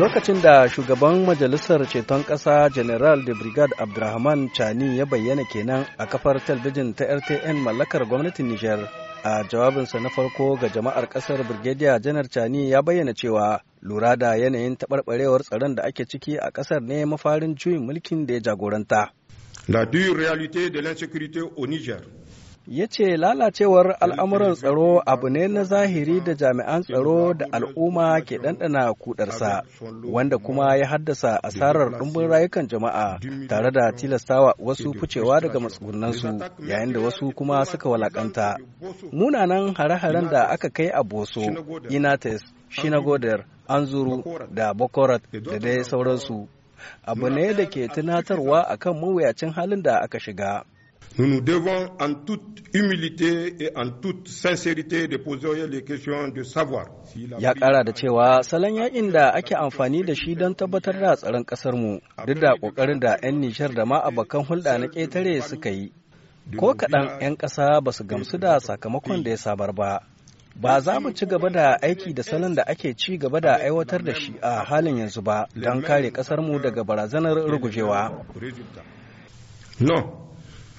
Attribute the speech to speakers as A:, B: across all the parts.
A: lokacin da shugaban majalisar ceton ƙasa general de brigade abdurrahman chani ya bayyana kenan a kafar talbijin ta rtn mallakar gwamnatin nijar a jawabinsa na farko ga jama'ar ƙasar brigadier janar chani ya bayyana cewa lura da yanayin taɓarɓarewar tsaron da ake ciki a ƙasar ne mafarin juyin mulkin da ya jagoranta
B: la dure réalité de l'insécurité au niger
A: ya ce lalacewar al'amuran tsaro abu ne na zahiri da jami'an tsaro da al'umma ke ɗanɗana kudarsa wanda kuma ya haddasa asarar ɗumbin rayukan jama'a tare da tilastawa wasu ficewa daga matsugunansu yayin da wasu kuma suka walakanta munanan hare-haren da aka kai a boso inates shinagodar anzuru da bokorat da dai sauransu abu ne da ke tunatarwa akan mawuyacin halin da aka shiga Nous nous devons en toute humilité et en toute sincérité
B: de poser les questions de savoir.
A: Ya ƙara da cewa salon yakin da ake amfani da shi don tabbatar da tsaron mu duk da ƙoƙarin da 'yan Nijar da ma abokan hulɗa na ƙetare suka yi. Ko kaɗan 'yan ƙasa ba su gamsu da sakamakon da ya sabar ba. ba za mu ci gaba da aiki da salon da ake ci gaba da aiwatar da shi a halin yanzu ba don kare mu daga barazanar rugujewa. No.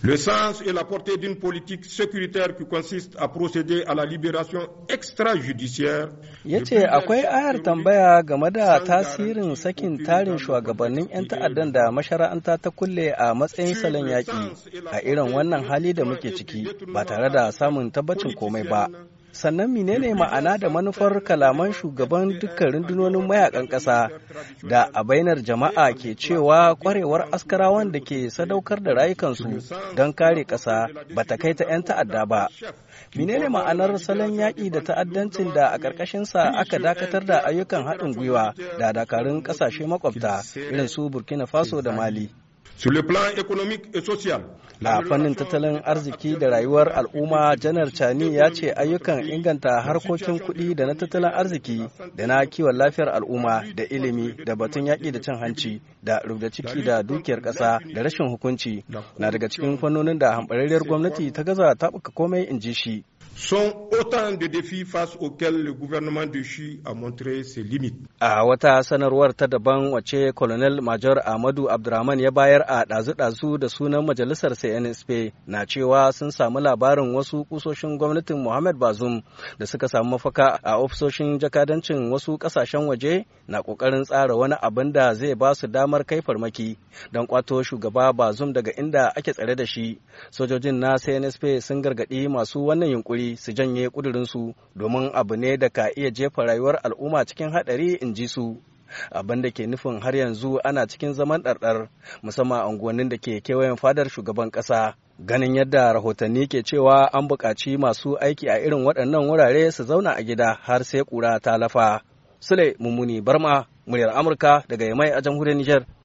A: Le
B: sens et la portée d'une politique sécuritaire qui consiste à procéder à la libération extrajudiciaire.
A: Ya ce akwai ayar tambaya game da tasirin sakin tarin shugabannin 'yan ta'addan da mashara'anta ta kulle a matsayin salon yaƙi a irin wannan hali da muke ciki ba tare da samun tabbacin komai ba. sannan menene ma'ana da manufar kalaman shugaban dukkan rundunonin mayakan ƙasa da a bainar jama'a ke cewa kwarewar askarawan da ke sadaukar da rayukansu don kare ƙasa ba ta kai ta 'yan ta'adda ba menene ma'anar salon yaƙi da ta'addancin da a ƙarƙashinsa aka dakatar da ayyukan haɗin gwiwa da dakarun ƙasashe makwabta irin su burkina faso da mali A fannin tattalin arziki da rayuwar al'umma janar Chani ya ce ayyukan inganta harkokin kuɗi da na tattalin arziki da na kiwon lafiyar al'umma da ilimi da batun yaƙi da cin hanci da rubda ciki da dukiyar ƙasa da rashin hukunci na daga cikin fannonin da hamɓararriyar gwamnati ta gaza taɓuka komai in ji shi. sont autant
B: de défis face auxquels le gouvernement de Chi a montré ses limites.
A: A wata sanarwar ta daban wace Colonel Major Ahmadu Abdurrahman ya bayar a ɗazu-ɗazu da sunan majalisar CNSP na cewa sun samu labarin wasu kusoshin gwamnatin Mohamed Bazoum da suka samu mafaka a ofisoshin jakadancin wasu ƙasashen waje na ƙoƙarin tsara wani abin da zai ba su damar kai farmaki don kwato shugaba Bazoum daga inda ake tsare da shi. Sojojin na CNSP sun gargaɗi masu wannan yunkuri su janye kudurinsu domin abu ne da ka iya jefa rayuwar al'umma cikin haɗari in ji su abin da ke nufin har yanzu ana cikin zaman ɗarɗar musamman a unguwannin da ke kewayen fadar shugaban ƙasa ganin yadda rahotanni ke cewa an buƙaci masu aiki a irin waɗannan wurare su zauna a gida har sai ƙura ta lafa sule mummuni barma muryar amurka daga yamai a jamhuriyar niger